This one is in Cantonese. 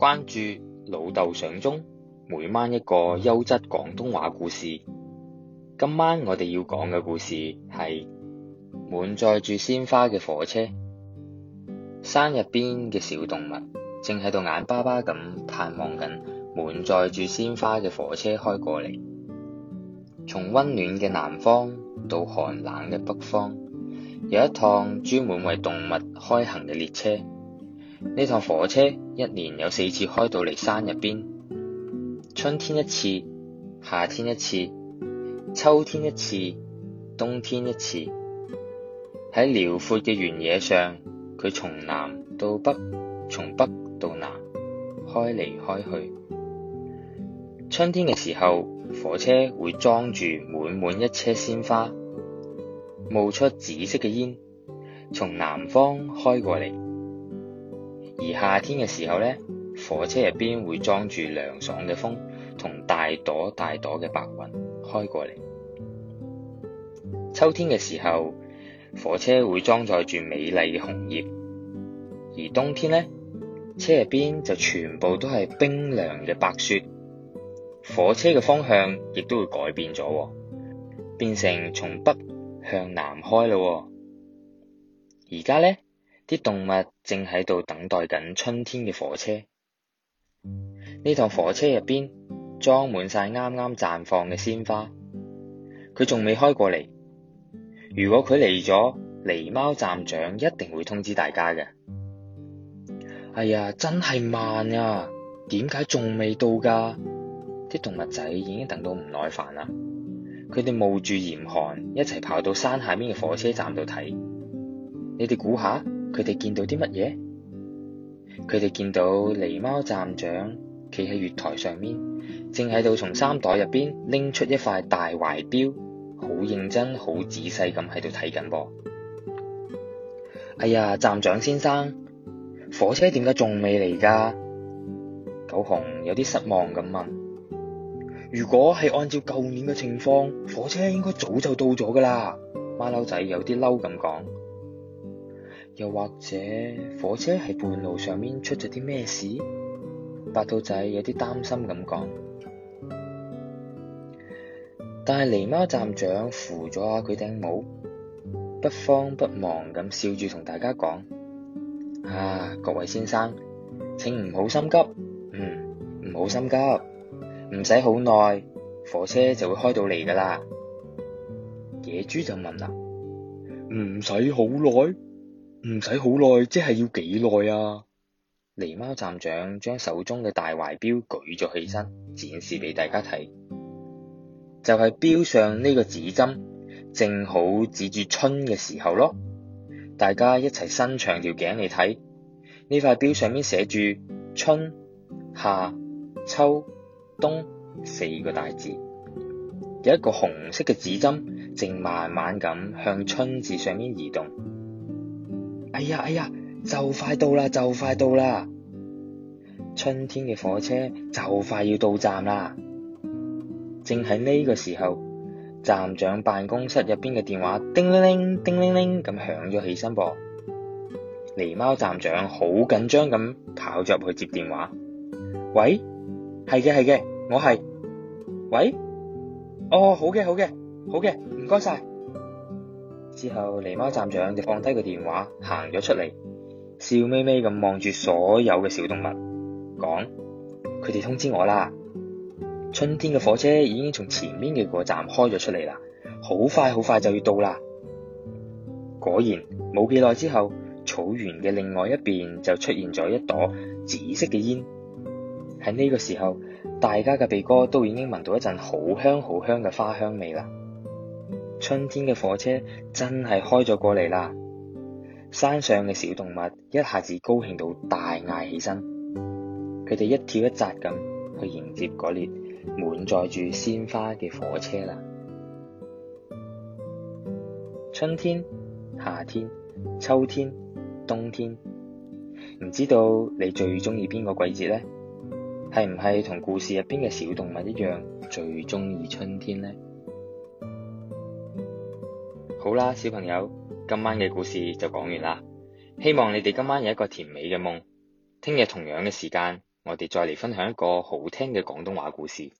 關注老豆上中，每晚一個優質廣東話故事。今晚我哋要講嘅故事係滿載住鮮花嘅火車。山入邊嘅小動物正喺度眼巴巴咁盼望緊滿載住鮮花嘅火車開過嚟。從溫暖嘅南方到寒冷嘅北方，有一趟專門為動物開行嘅列車。呢趟火車一年有四次開到嚟山入邊，春天一次，夏天一次，秋天一次，冬天一次。喺遼闊嘅原野上，佢從南到北，從北到南，開嚟開去。春天嘅時候，火車會裝住滿滿一車鮮花，冒出紫色嘅煙，從南方開過嚟。而夏天嘅時候呢，火車入邊會裝住涼爽嘅風同大朵大朵嘅白雲開過嚟。秋天嘅時候，火車會裝載住美麗嘅紅葉。而冬天呢，車入邊就全部都係冰涼嘅白雪。火車嘅方向亦都會改變咗，變成從北向南開咯。而家呢。啲動物正喺度等待緊春天嘅火車。呢趟火車入邊裝滿晒啱啱綻放嘅鮮花，佢仲未開過嚟。如果佢嚟咗，狸貓站長一定會通知大家嘅。哎呀，真係慢呀！啊，點解仲未到噶？啲動物仔已經等到唔耐煩啦。佢哋冒住嚴寒，一齊跑到山下面嘅火車站度睇。你哋估下？佢哋見到啲乜嘢？佢哋見到狸貓站長企喺月台上面，正喺度從衫袋入邊拎出一塊大懷錶，好認真、好仔細咁喺度睇緊噃。哎呀，站長先生，火車點解仲未嚟㗎？狗熊有啲失望咁問。如果係按照舊年嘅情況，火車應該早就到咗㗎啦。馬騮仔有啲嬲咁講。又或者火車喺半路上面出咗啲咩事？白兔仔有啲擔心咁講，但係狸貓站長扶咗下佢頂帽，不慌不忙咁笑住同大家講：啊，各位先生，請唔好心急，嗯，唔好心急，唔使好耐，火車就會開到嚟㗎喇。野豬就問啦：唔使好耐？唔使好耐，即係要幾耐啊？狸貓站長將手中嘅大懷錶舉咗起身，展示俾大家睇。就係錶上呢個指針，正好指住春嘅時候咯。大家一齊伸長條頸嚟睇。呢塊錶上面寫住春、夏、秋、冬四個大字，有一個紅色嘅指針，正慢慢咁向春字上面移動。哎呀哎呀，就快到啦，就快到啦！春天嘅火車就快要到站啦。正喺呢個時候，站長辦公室入邊嘅電話叮鈴鈴、叮鈴鈴咁響咗起身噃。狸貓站長好緊張咁跑咗入去接電話。喂，係嘅係嘅，我係。喂，哦，好嘅好嘅好嘅，唔該晒。之後，狸貓站長就放低個電話，行咗出嚟，笑眯眯咁望住所有嘅小動物，講：佢哋通知我啦，春天嘅火車已經從前面嘅個站開咗出嚟啦，好快好快就要到啦。果然，冇幾耐之後，草原嘅另外一邊就出現咗一朵紫色嘅煙。喺呢個時候，大家嘅鼻哥都已經聞到一陣好香好香嘅花香味啦。春天嘅火車真係開咗過嚟啦！山上嘅小動物一下子高興到大嗌起身，佢哋一跳一紮咁去迎接嗰列滿載住鮮花嘅火車啦！春天、夏天、秋天、冬天，唔知道你最中意邊個季節呢？係唔係同故事入邊嘅小動物一樣最中意春天呢？好啦，小朋友，今晚嘅故事就講完啦。希望你哋今晚有一個甜美嘅夢。聽日同樣嘅時間，我哋再嚟分享一個好聽嘅廣東話故事。